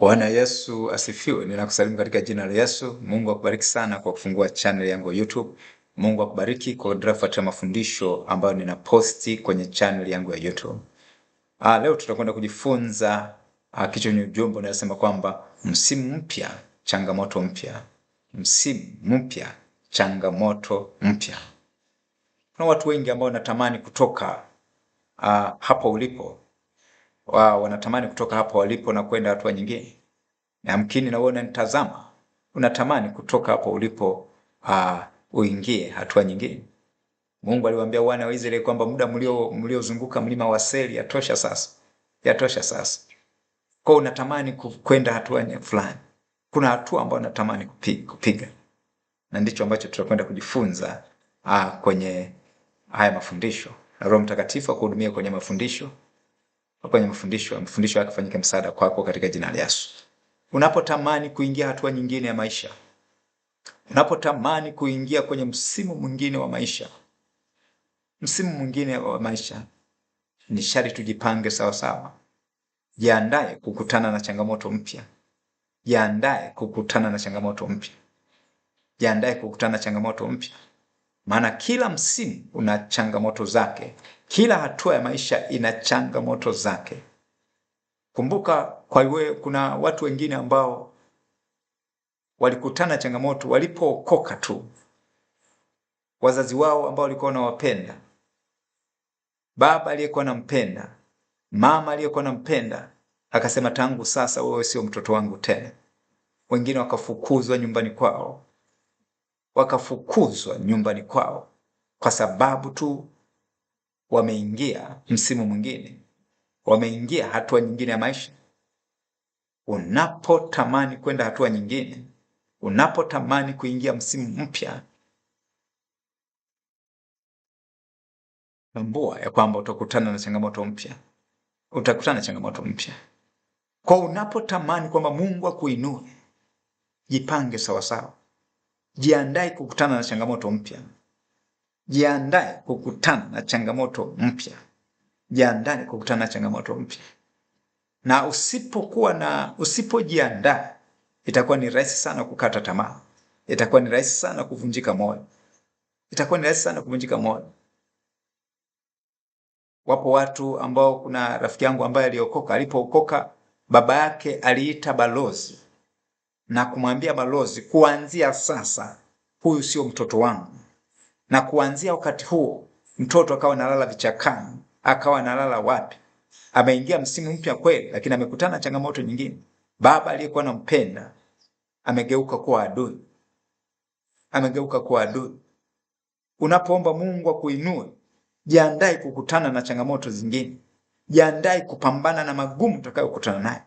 Bwana Yesu asifiwe. Ninakusalimu katika jina la Yesu. Mungu akubariki sana kwa kufungua channel yangu ya YouTube. Mungu akubariki kwa kuendelea ya mafundisho ambayo ninaposti kwenye channel yangu ya YouTube. Ah, leo tutakwenda kujifunza ah, kichwa ni ujumbe unasema kwamba msimu mpya, changamoto mpya. Msimu mpya, changamoto mpya. Kuna watu wengi ambao wanatamani kutoka ah, hapa ulipo wa wanatamani kutoka hapa walipo na kwenda hatua nyingine. Na mkini na wewe unanitazama, unatamani kutoka hapo ulipo uh, uingie hatua nyingine. Mungu aliwaambia wana wa Israeli kwamba muda mlio mliozunguka mlima wa Seli yatosha sasa. Yatosha sasa. Kwa unatamani kwenda hatua fulani. Kuna hatua ambayo unatamani kupiga. Na ndicho ambacho tutakwenda kujifunza uh, kwenye haya mafundisho. Na Roho Mtakatifu akuhudumia kwenye mafundisho kwenye mafundisho, mafundisho yake fanyike msaada kwako katika jina la Yesu. Unapotamani kuingia hatua nyingine ya maisha, unapotamani kuingia kwenye msimu mwingine wa maisha, msimu mwingine wa maisha, ni shari tujipange sawasawa. Jiandae kukutana na changamoto mpya, jiandae kukutana na changamoto mpya, jiandae kukutana na changamoto mpya. Maana kila msimu una changamoto zake, kila hatua ya maisha ina changamoto zake. Kumbuka kwa iwe, kuna watu wengine ambao walikutana changamoto walipookoka tu, wazazi wao ambao walikuwa wanawapenda, baba aliyekuwa anampenda, mama aliyekuwa anampenda, akasema tangu sasa wewe sio mtoto wangu tena. Wengine wakafukuzwa nyumbani kwao, wakafukuzwa nyumbani kwao kwa sababu tu wameingia msimu mwingine, wameingia hatua nyingine ya maisha. Unapotamani kwenda hatua nyingine, unapotamani kuingia msimu mpya, tambua ya kwamba utakutana na changamoto mpya, utakutana na changamoto mpya. Kwa unapotamani kwamba Mungu akuinue, jipange sawasawa. Jiandae kukutana na changamoto mpya, jiandae kukutana na changamoto mpya, jiandae kukutana na changamoto mpya. Na usipokuwa na usipojiandaa, itakuwa ni rahisi sana kukata tamaa, itakuwa ni rahisi sana kuvunjika moyo, itakuwa ni rahisi sana kuvunjika moyo. Wapo watu ambao, kuna rafiki yangu ambaye aliokoka, alipookoka baba yake aliita balozi na kumwambia balozi, kuanzia sasa huyu sio mtoto wangu, na kuanzia wakati huo mtoto akawa analala vichakani, akawa analala wapi. Ameingia msimu mpya kweli, lakini amekutana changamoto nyingine. Baba aliyekuwa anampenda amegeuka kuwa adui, amegeuka kuwa adui. Unapoomba Mungu akuinue, jiandae kukutana na changamoto zingine, jiandae kupambana na magumu utakayokutana nayo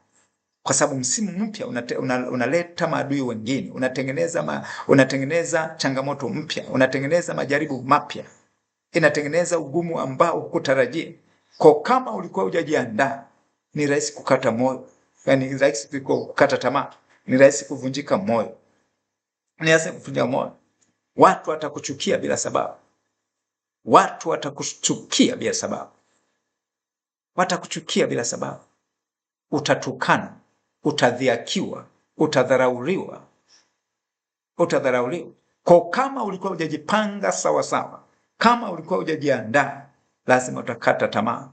kwa sababu msimu mpya unaleta una, una maadui wengine, unatengeneza ma, unatengeneza changamoto mpya, unatengeneza majaribu mapya, inatengeneza ugumu ambao hukutarajia. Kwa kama ulikuwa hujajiandaa, ni rahisi kukata moyo, yani ni rahisi kukata tamaa, ni rahisi kuvunjika moyo, ni rahisi kuvunjika moyo. Watu watakuchukia bila sababu, watu watakuchukia bila sababu, watakuchukia bila sababu, utatukana utadhiakiwa, utadharauliwa, utadharauliwa. Kwa kama ulikuwa hujajipanga sawasawa, kama ulikuwa hujajiandaa, lazima utakata tamaa,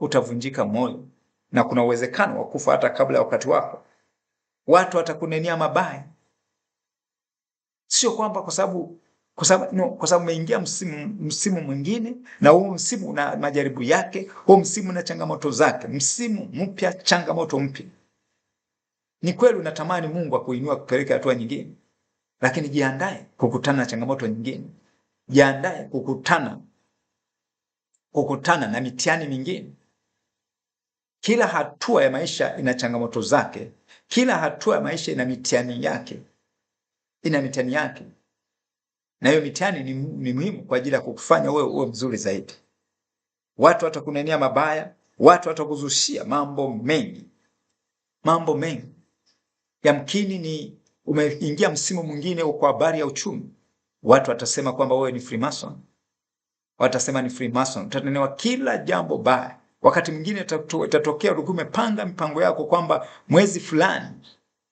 utavunjika moyo na kuna uwezekano wa kufa hata kabla ya wakati wako. Watu watakunenia mabaya, sio kwamba kwa sababu kwa sababu no, kwa sababu umeingia msimu msimu mwingine, na huu msimu una majaribu yake, huu msimu una changamoto zake. Msimu mpya, changamoto mpya. Ni kweli unatamani Mungu akuinua kupeleka hatua nyingine, lakini jiandae kukutana na changamoto nyingine, jiandae kukutana kukutana na mitihani mingine. Kila hatua ya maisha ina changamoto zake, kila hatua ya maisha ina mitihani yake, ina mitihani yake, na hiyo mitihani ni, ni muhimu kwa ajili ya kukufanya wewe uwe mzuri zaidi. Watu watakunenea mabaya, watu watakuzushia mambo mengi, mambo mengi yamkini ni umeingia msimu mwingine kwa habari ya uchumi, watu watasema kwamba wewe ni Freemason, watasema ni Freemason, utanenewa kila jambo baya. Wakati mwingine itatokea ulikuwa umepanga mipango yako kwamba mwezi fulani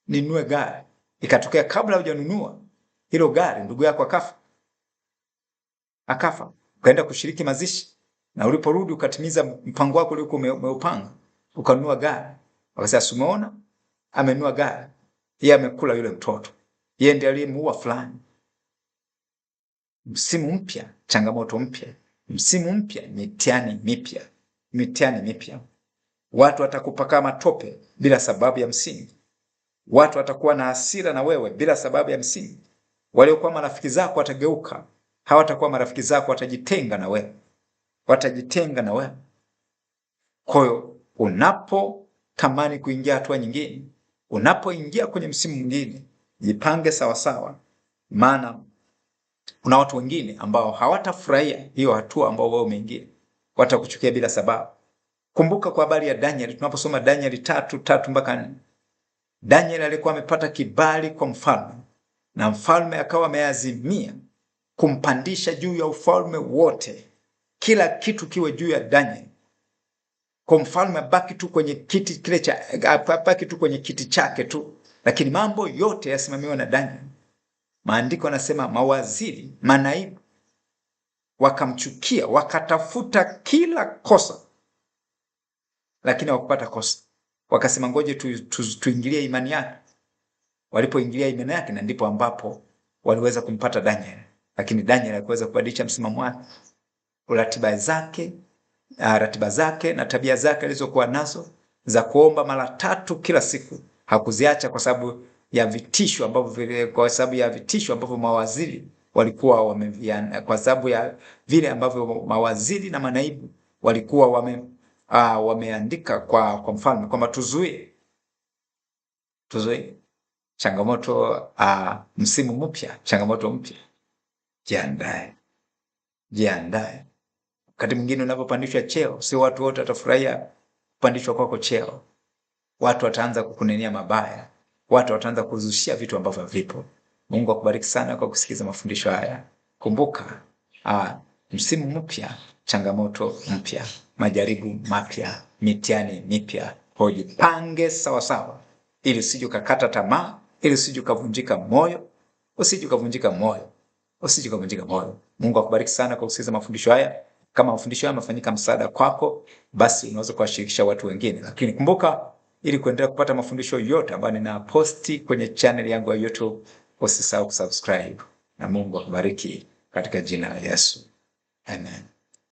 ninunue gari, ikatokea kabla hujanunua hilo gari, ndugu yako akafa, akafa, ukaenda kushiriki mazishi, na uliporudi ukatimiza mpango wako uliokuwa umeupanga, ukanunua gari, wakasema umeona, amenunua gari yeye amekula yule mtoto, yeye ndiye aliyemuua fulani. Msimu mpya, changamoto mpya. Msimu mpya, mitihani mipya, mitihani mipya. Watu watakupaka matope bila sababu ya msingi. Watu watakuwa na hasira na wewe bila sababu ya msingi. Waliokuwa marafiki zako watageuka, hawatakuwa marafiki zako, watajitenga na wewe, watajitenga na wewe. Kwa hiyo unapotamani kuingia hatua nyingine Unapoingia kwenye msimu mwingine, jipange sawasawa, maana kuna watu wengine ambao hawatafurahia hiyo hatua ambao wewe umeingia, watakuchukia bila sababu. Kumbuka kwa habari ya Danieli, tunaposoma Danieli tatu tatu mpaka nne, Danieli alikuwa amepata kibali kwa mfalme na mfalme akawa ameazimia kumpandisha juu ya ufalme wote, kila kitu kiwe juu ya Danieli kwa mfalme abaki tu kwenye kiti kile cha abaki tu kwenye kiti chake tu, lakini mambo yote yasimamiwa na Daniel. Maandiko anasema mawaziri, manaibu wakamchukia, wakatafuta kila kosa, lakini hawakupata kosa. Wakasema ngoje tu, tu, tu, tuingilie imani yake. Walipoingilia imani yake, na ndipo ambapo waliweza kumpata Daniel, lakini Daniel hakuweza kubadilisha msimamo wake, ratiba zake uh, ratiba zake na tabia zake alizokuwa nazo za kuomba mara tatu kila siku hakuziacha kwa sababu ya vitisho ambavyo kwa sababu ya vitisho ambavyo mawaziri walikuwa wame, ya, kwa sababu ya vile ambavyo mawaziri na manaibu walikuwa wame, uh, wameandika kwa, kwa mfalme kwamba tuzuie tuzuie changamoto uh, msimu mpya, changamoto mpya, jiandae jiandae. Wakati mwingine unapopandishwa cheo, si watu wote watafurahia kupandishwa kwako cheo. Watu wataanza kukunenea mabaya, watu wataanza kuzushia vitu ambavyo vipo. Mungu akubariki sana kwa kusikiza mafundisho haya. Kumbuka aa, msimu mpya, changamoto mpya, majaribu mapya, mitihani mipya. Ujipange sawasawa, ili usije ukakata tamaa, ili usije ukavunjika moyo, usije ukavunjika moyo, usije ukavunjika moyo. Mungu akubariki sana kwa kusikiza mafundisho haya kama mafundisho haya yamefanyika msaada kwako, basi unaweza kuwashirikisha watu wengine. Lakini kumbuka, ili kuendelea kupata mafundisho yote ambayo nina posti kwenye channel yangu ya YouTube, usisahau kusubscribe, na Mungu akubariki katika jina la Yesu, amen.